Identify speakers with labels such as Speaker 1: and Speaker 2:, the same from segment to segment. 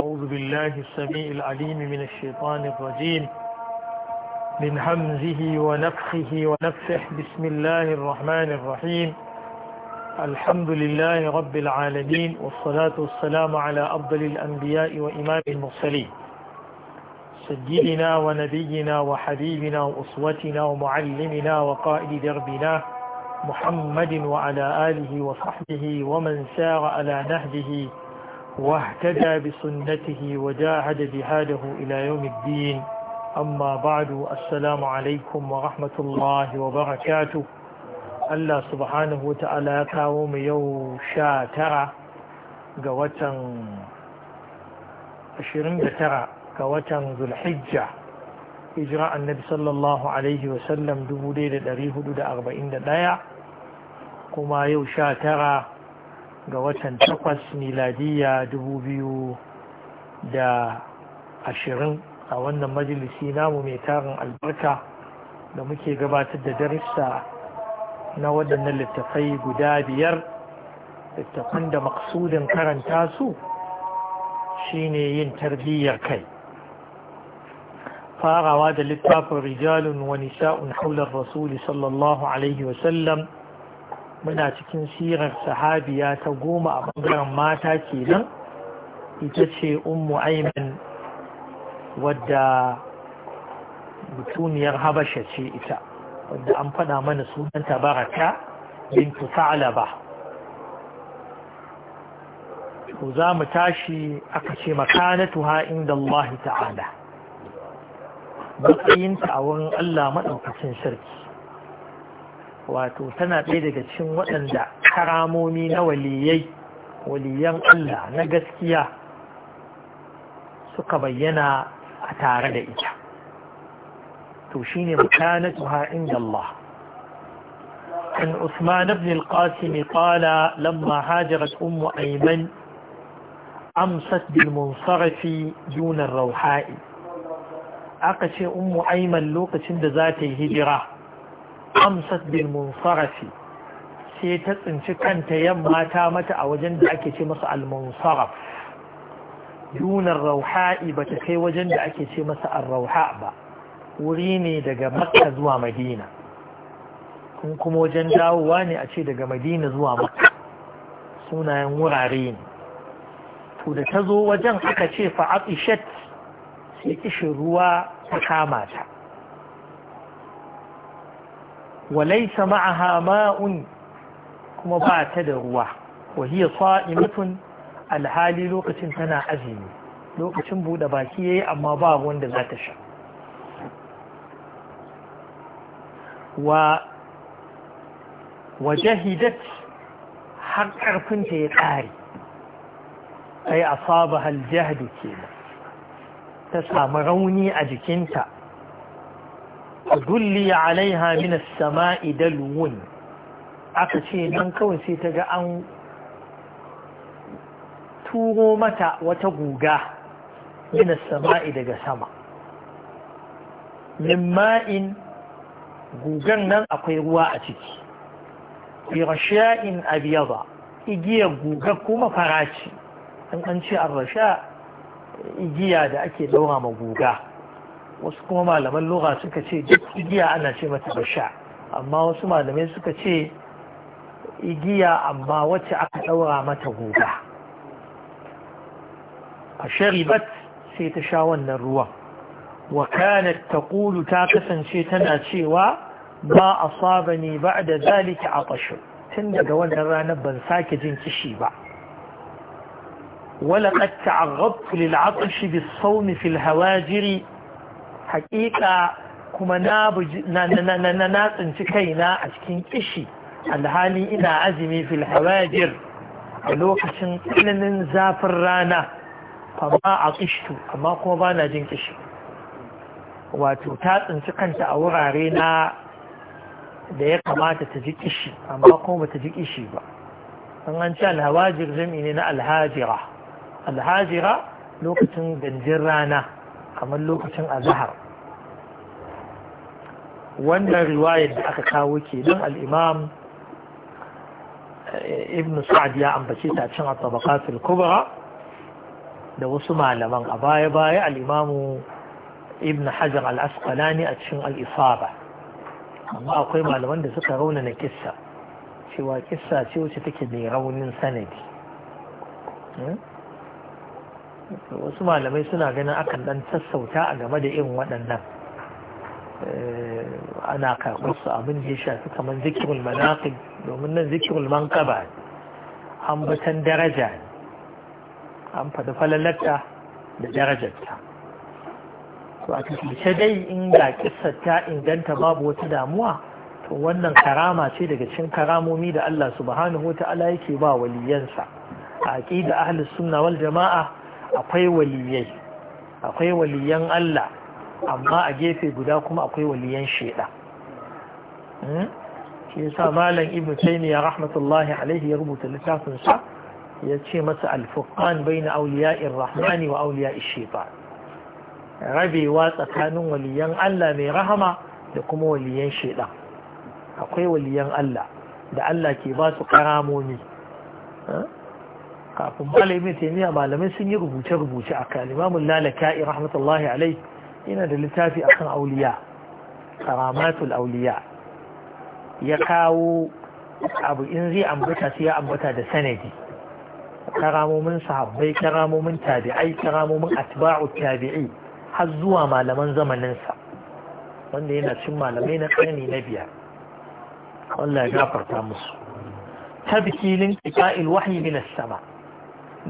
Speaker 1: أعوذ بالله السميع العليم من الشيطان الرجيم من همزه ونفخه ونفسه بسم الله الرحمن الرحيم الحمد لله رب العالمين والصلاة والسلام على أفضل الأنبياء وإمام المرسلين سيدنا ونبينا وحبيبنا وأسوتنا ومعلمنا وقائد دربنا محمد وعلى آله وصحبه ومن سار على نهجه واهتدى بسنته وجاهد جهاده إلى يوم الدين أما بعد السلام عليكم ورحمة الله وبركاته Allah subhanahu wa ta’ala ya kawo mu yau sha tara ga watan ashirin da tara ga watan zulhijja hijira annabi sallallahu alaihi wasallam 1441 kuma yau sha tara ga watan takwas miladiya dubu biyu da ashirin a wannan majalisi namu mai tarin albarka da muke gabatar da darussa na waɗannan littafai guda biyar littafan da maksudin karanta su shine yin tarbiyyar kai farawa da littafin rijalun wani sa'un haular rasuli sallallahu alaihi wasallam muna cikin sirar sahabiya ta goma a ɓangaren mata kenan ita ce ummu aiman wadda mutuniyar habasha ce ita wadda an faɗa mana sunanta baraka bintu ba. to za mu tashi aka ce makanatuha inda Allah ta'ala matsayinta a wurin Allah maɗaukacin sarki wato tana ɗaya daga cikin waɗanda karamomi na waliyai waliyan Allah na gaskiya suka bayyana a tare da ita to shine makanatuha inda Allah عن عثمان بن القاسم قال لما هاجرت أم أيمن أمست بالمنصرف دون الروحاء أقش أم أيمن لوقش ذات هجرة amsat bin munsarafi sai ta tsinci kanta yamma ta mata a wajen da ake ce masa al munsaraf dunar rauha'i ba ta kai wajen da ake ce masa al rauha ba wuri ne daga makka zuwa madina kun kuma wajen dawowa ne a ce daga madina zuwa makka sunayen wurare ne to da ta zo wajen aka ce fa'atishat sai kishin ruwa ta kama ta walaisa ma'aha ma'un kuma ba ta da ruwa wahiyar sa'imatun alhali lokacin tana azumi lokacin buɗe baki yayi amma ba wanda za ta sha wa wajahidat har ƙarfinta ya ƙare ai asaba haljahdi ke ta samu rauni a jikinta dulli alaiha min as-sama'i dalwun aka ce nan kawai sai ta ga an turo mata wata guga min as-sama'i daga sama min ma'in gugan nan akwai ruwa a ciki bi rasha'in abyada igiyar guga kuma faraci an an ce ar-rasha igiya da ake daura ma guga wasu kuma malaman lura suka ce duk igiya ana ce mata basha amma wasu malamai suka ce igiya amma wacce aka ɗaura mata guga a sharibat sai ta sha wannan ruwan wa kanat taqulu ta kasance tana cewa ba da ba'da zalika atashu tun daga wannan ranar ban sake jin kishi ba ولقد تعرضت للعطش بالصوم في الهواجر haƙiƙa kuma na tsinci kaina a cikin kishi alhali ina azumi fil hawajir a lokacin tsananin zafin rana amma a kishtu amma kuma ba na jin kishi wato ta tsinci kanta a wurare na da ya kamata ta ji kishi amma kuma ba ta ji kishi ba an an ce alhawajir jami ne na alhajira alhajira lokacin ganjin rana kamar lokacin azahar wannan riwayar da aka kawo ke don al'imam eh, ibn sa'ad ya ambace ta cin a tabakatul kubra da wasu malaman a baya-baya al'imamu ibn hajar al'asqalani a cin al'isaba amma akwai malaman da suka raunana kissa cewa kissa ce wacce take mai raunin sanadi hmm? wasu malamai suna ganin akan ɗan sassauta a game da irin waɗannan Eh, ana karɓar abin da ya shafi kamar zikirul manaqib domin nan zikirul manqaba ambatan daraja ne an fada falalarta da darajarta to a tafiye dai in ga kissar ta inganta babu wata damuwa to wannan karama ce daga cikin karamomi da Allah subhanahu wa ta'ala yake ba waliyansa a aqida ahlus sunna jama'a akwai waliyai akwai waliyan Allah amma a gefe guda kuma akwai waliyan shaiɗa hmm? shi yasa malam ibn taymiya rahmatullahi alaihi ya rubuta littafin sa ya ce masa al-furqan bayna awliya'ir rahmani wa awliya'ish shaitan rabewa tsakanin waliyan Allah mai rahama da kuma waliyan shaiɗa akwai waliyan Allah da Allah ke ba su karamomi hmm? kafin malam ibn taymiya malamai sun yi rubuce-rubuce a kalimamun lalaka'i rahmatullahi alaihi yana da littafi akan auliya karamatul auliya ya kawo abu in zai ambata sai ya ambata da sanadi karamomin sahabbai karamomin tabi'ai karamomin atba'u tabi'i har zuwa malaman zamaninsa wanda yana cin malamai na karni na biyar Allah ya gafarta musu tabkilin qita'il wahyi min as-sama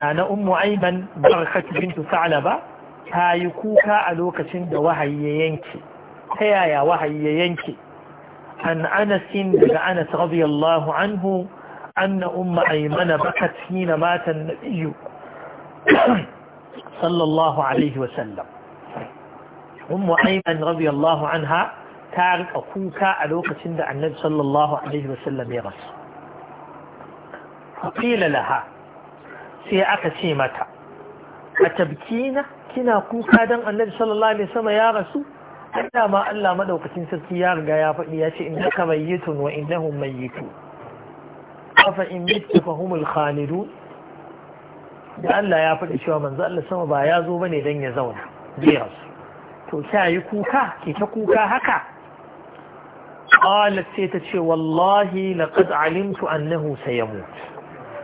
Speaker 1: na na ummu ayman barakat bint sa'laba ta yi kuka a lokacin da wahayi yanke ta yaya wahayi ya yanke an anasin daga anas radiyallahu anhu anna umma aymana bakat hina mata nabiyyu sallallahu alaihi wa sallam umma aymana radiyallahu anha ta riƙa kuka a lokacin da annabi sallallahu alaihi wa sallam ya rasu fa qila laha sai aka ce mata atabkina kina kuka dan annabi sallallahu alaihi wasallam ya rasu Allah ma Allah madaukakin sarki ya riga ya faɗi ya ce innaka mayyitun wa innahum mayyitun afa in mitta fa humul khalidun da Allah ya faɗi cewa manzo Allah sama ba ya zo bane dan ya zauna zai rasu to sai yi kuka ke ta kuka haka qalat sai ta ce wallahi laqad alimtu annahu sayamut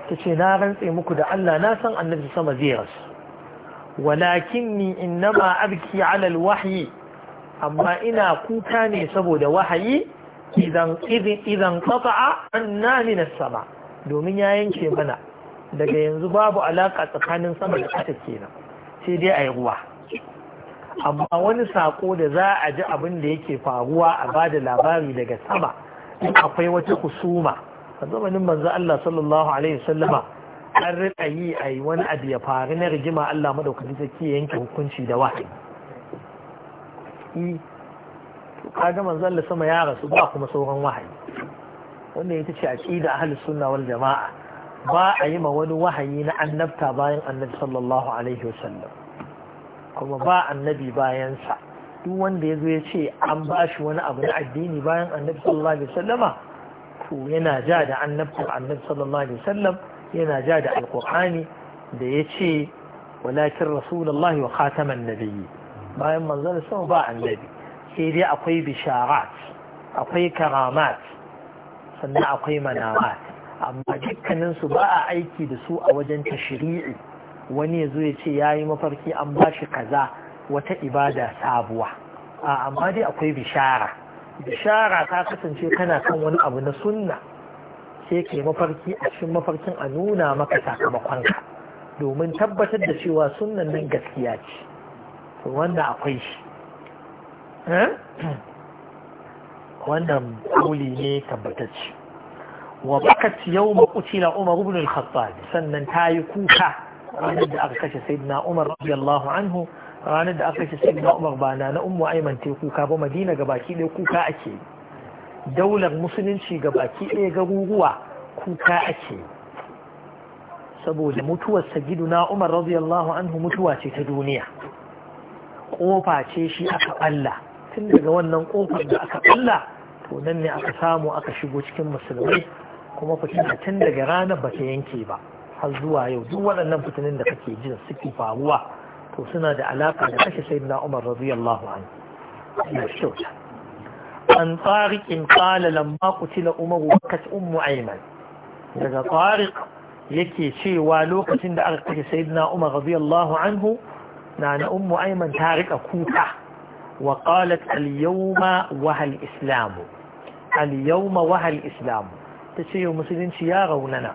Speaker 1: ta ce na rantse muku da Allah na san annabi sama zai rasu walakinni innama abki ala alwahyi amma ina kuka ne saboda wahayi idan idan qata'a anna min sama domin ya yanke mana daga yanzu babu alaka tsakanin sama da ƙasa kenan sai dai ayi ruwa amma wani sako da za a ji abin da yake faruwa a bada labari daga sama in akwai wata kusuma a zamanin manzo Allah sallallahu alaihi wasallama an rika yi a yi wani abu ya faru na rigima Allah madaukakin sarki yanke hukunci da wahayi ka kaga manzon Allah sama ya rasu ba kuma sauran wahayi wanda ita ce aqida ahlus sunna wal jamaa ba a yi ma wani wahayi na annabta bayan annabi sallallahu alaihi wasallam kuma ba annabi bayan sa duk wanda yazo ya ce an bashi wani abu na addini bayan annabi sallallahu alaihi wasallama to yana ja da annabtar annabi sallallahu alaihi wasallam yana ja da alkur'ani da ya ce walakin rasulullahi wa khataman nabiyyi bayan manzon sama ba annabi sai dai akwai bisharat akwai karamat sannan akwai manamat amma dukkanin su ba a aiki da su a wajen tashri'i wani ya zo ya ce ya yi mafarki an ba shi kaza wata ibada sabuwa amma dai akwai bishara bishara ta kasance kana kan wani abu na sunna sai ke mafarki a cikin mafarkin a nuna maka sakamakonka domin tabbatar da cewa sunan nan gaskiya ce to wanda akwai shi eh? wannan kuli ne tabbatacce wa bakat yau na umar ibn al-khattab sannan ta yi kuka ranar da aka kashe sayyidina umar radiyallahu anhu ranar da aka kashe sayyidina umar ba na na ummu aiman kuka ba madina ga baki ɗaya kuka ake yi daular musulunci ga baki ɗaya garuruwa kuka ake saboda mutuwar sagidu na umar radiyallahu anhu mutuwa ce ta duniya ƙofa ce shi aka ɓalla tun daga wannan ƙofar da aka ɓalla to nan ne aka samu aka shigo cikin musulmai kuma fitina tun daga ranar ba ta yanke ba har zuwa yau duk waɗannan fitinin da kake jin suke faruwa to suna da alaƙa da kashe sayyidina umar radiyallahu anhu Allah عن طارق قال لما قتل أمه وكت أم أيمن لذا طارق يكي شي والوقة عند أرقك سيدنا أم رضي الله عنه نعنى أم أيمن تارك كوتا وقالت اليوم وهل الإسلام اليوم وهل الإسلام تشي يوم مسلين شي يارونا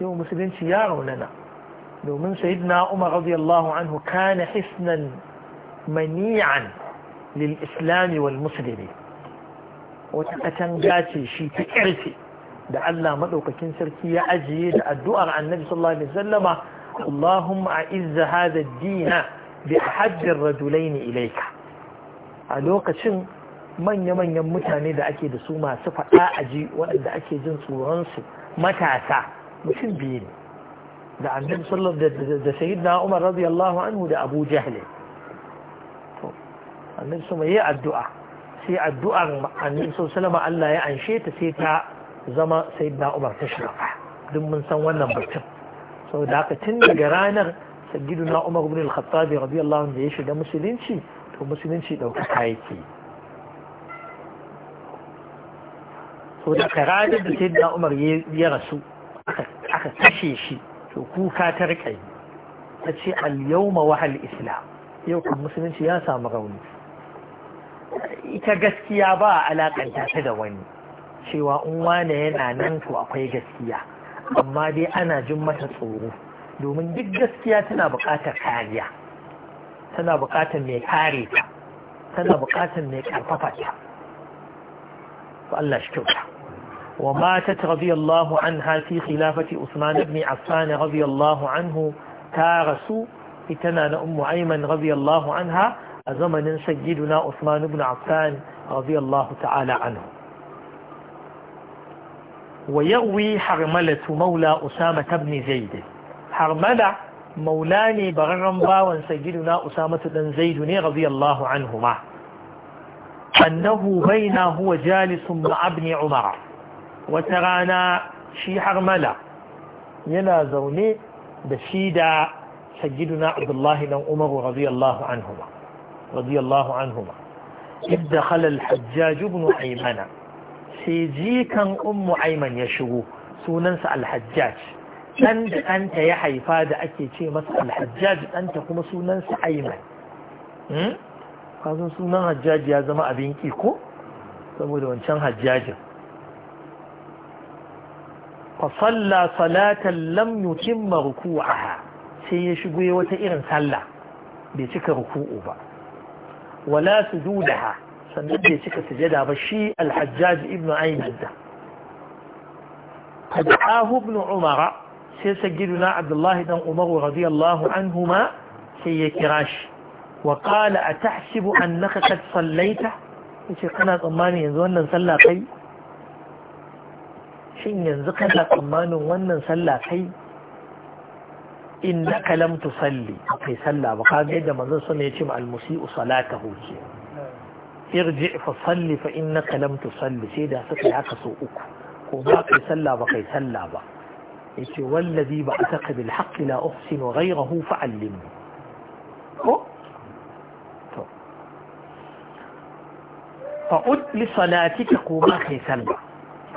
Speaker 1: يوم مسلين شيارة لنا لو من سيدنا أم رضي الله عنه كان حسنا منيعا lil islami wal musulmi wata katanga ce shi ta ƙarfe da Allah maɗaukakin sarki ya ajiye da addu'ar annabi sallallahu alaihi wasallama Allahumma a'izza hadha ad-dina bi ahaddir rajulain ilayka a lokacin manya-manyan mutane da ake da su masu faɗa aji waɗanda ake jin tsoron su matasa mutum biyu ne da annabi sallallahu da sayyidina Umar radiyallahu anhu da Abu Jahl annabi sama yi addu'a sai addu'ar annabi salama Allah ya anshe ta sai ta zama da Umar ta shirafa duk mun san wannan batun saboda haka tun daga ranar sagidu na Umar ibn al-Khattab radiyallahu anhu da ya shiga musulunci to musulunci dauka yake so da ka ranar da Umar ya rasu aka kashe shi to kuka ta rikai ta ce al-yawma wahal islam yau kan musulunci ya samu rauni ita gaskiya ba a alakanta ta da wani cewa in wane yana nan to akwai gaskiya amma dai ana jin mata tsoro domin duk gaskiya tana buƙatar kariya tana buƙatar mai kare ta tana buƙatar mai ƙarfafa ta Allah shi kyauta Wa وماتت رضي الله عنها في خلافة عثمان بن عفان Anhu ta rasu ita اتنا أم أيمن رضي الله Anha. أزمن سيدنا عثمان بن عفان رضي الله تعالى عنه ويروي حرملة مولى أسامة بن زيد حرملة مولاني بررن باوان سيدنا أسامة بن زيد رضي الله عنهما أنه بينا هو جالس مع ابن عمر وترانا شي حرملة ينا زوني بشيدا سيدنا عبد الله بن عمر رضي الله عنهما radiyallahu anhuma إذ دخل الحجاج بن أيمن سيجي كان أم أيمن يشغو سوننس الحجاج أنت أنت يا حيفاد أكي شيء مس الحجاج أنت كم سوننس أيمن kasan sunan hajjaji ya zama abin ki ko saboda wancan hajjajin fa salla salatan lam ruku'a sai ya shigo wata irin sallah bai cika ruku'u ba ولا سجودها سنبدي سكة سجدها فالشيء الحجاج ابن عين ده فدعاه ابن عمر سيسجدنا عبد الله بن عمر رضي الله عنهما سي كراش وقال أتحسب أنك قد صليت إيش قناة أمان ينزون نصلى قي شين ينزقنا أمان ونصلى قي innaka lam tusalli kai sallah ba kaga yadda manzon sama ya ce ma almusi'u salatahu ce irji fa salli fa innaka lam tusalli sai da suka yi haka so uku ko ba kai sallah ba kai sallah ba yace wallazi ba ataka bil haqqi la uhsinu ghayrahu fa'allimni ko to fa'ud li salatika ko ba kai sallah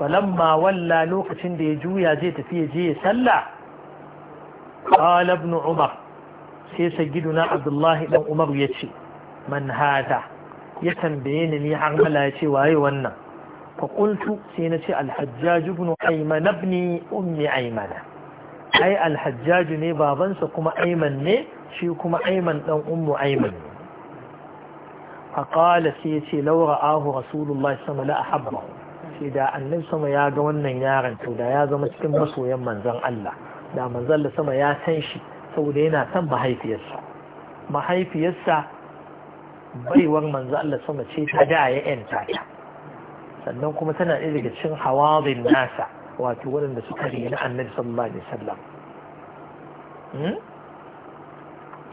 Speaker 1: lamma walla lokacin da ya juya zai tafi ya je ya sallah qala ibn umar sai na abdullahi dan umar ce. man hada ya tambaye ni ya har mala yace waye wannan fa qultu sai nace ce hajjaj ibn ayman ummi ayman ai al ne babansa kuma aiman ne shi kuma aiman dan ummu ayman فقال سيتي ce رآه رسول الله صلى الله عليه وسلم sai da annabi sama ya ga wannan yaron to da ya zama cikin masoyan manzon Allah da manzalla sama ya san shi saboda yana san mahaifiyarsa mahaifiyarsa baiwar manzalla sama ce ta da ya yanta ta sannan kuma tana ɗaya daga cikin hawazin nasa wato waɗanda suka rena annabi sallallahu alaihi wasallam hmm?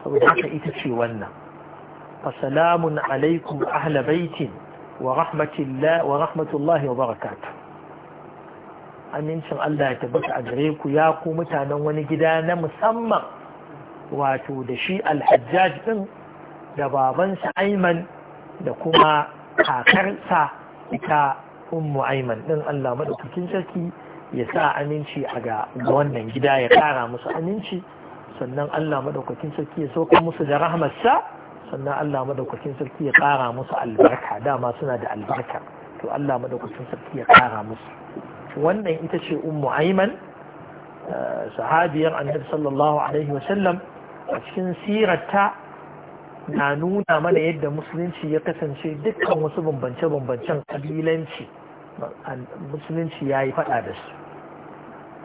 Speaker 1: saboda haka ita ce wannan fasalamun alaikum ahla baitin wa rahmatullahi wa barakatuh amincin Allah ya tabbata a gare ku ya ku mutanen wani gida na musamman wato da shi alhajjaj ɗin, da babansa aiman da kuma kakarsa ita ummu aiman din Allah maɗaukakin sarki ya sa aminci a ga wannan gida ya ƙara musu aminci sannan Allah maɗaukakin sarki ya sauka musu da rahmarsa sannan Allah maɗaukakin sarki ya ƙara musu albarka dama suna da albarka to Allah maɗaukakin sarki ya ƙara musu wannan ita ce ummu aiman eh, sahabiyar annabi sallallahu alaihi wasallam a cikin sirarta na nuna mana yadda musulunci ya kasance dukkan wasu bambance-bambancen kabilanci musulunci ya yi fada da su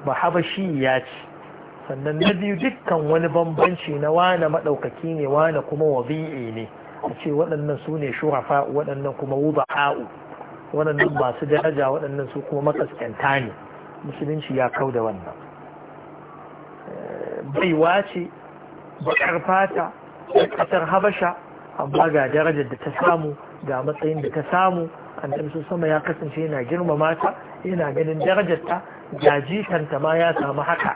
Speaker 1: ba habashi ya ce sannan na biyu dukkan wani bambanci na wane maɗaukaki ne wane kuma wabi'i ne a ce waɗannan su ne shurafa waɗannan kuma wuba'a'u waɗannan masu daraja waɗannan su kuma makaskanta ne musulunci ya kau da wannan eh, baiwa ce baƙar fata ƙasar habasha amma ga darajar da ta samu ga matsayin da ta samu annabi su sama ya kasance yana girmama ta yana ganin darajarta ga jikanta ma ya samu haka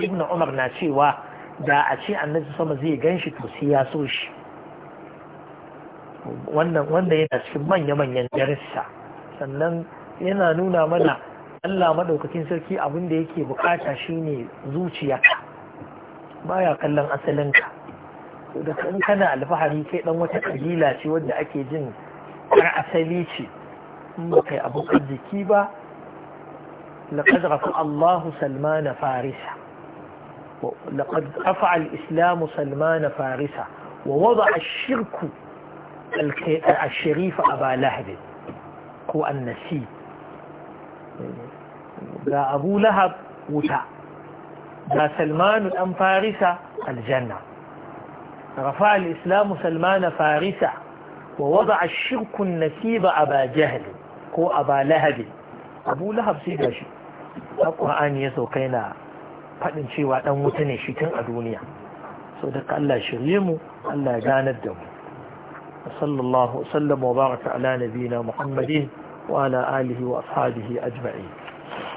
Speaker 1: ibn umar na cewa da a ce annabi sama zai gan shi to sai ya so shi wannan wanda yana cikin manya-manyan darussa sannan yana nuna mana Allah maɗaukakin sarki abin da yake bukata shine zuciyarka baya kallon asalinka ka. da in kana alfahari kai dan wata kabila ce wadda ake jin har asali ce in ba kai abu jiki ba laqad rafa Allahu Salman Farisa laqad rafa al-Islam Salman Farisa wa wada ash-shirku الشريف أبا لهب هو النسيب ذا أبو لهب وتا ذا سلمان الأم فارسة الجنة رفع الإسلام سلمان فارسة ووضع الشرك النسيب أبا جهل هو أبا لهب أبو لهب سيدا شيء القرآن يسو كينا faɗin cewa ɗan wuta ne shi tun a duniya so da Allah shirye mu Allah ya ganar da mu وصلى الله وسلم وبارك على نبينا محمد وعلى آله وأصحابه أجمعين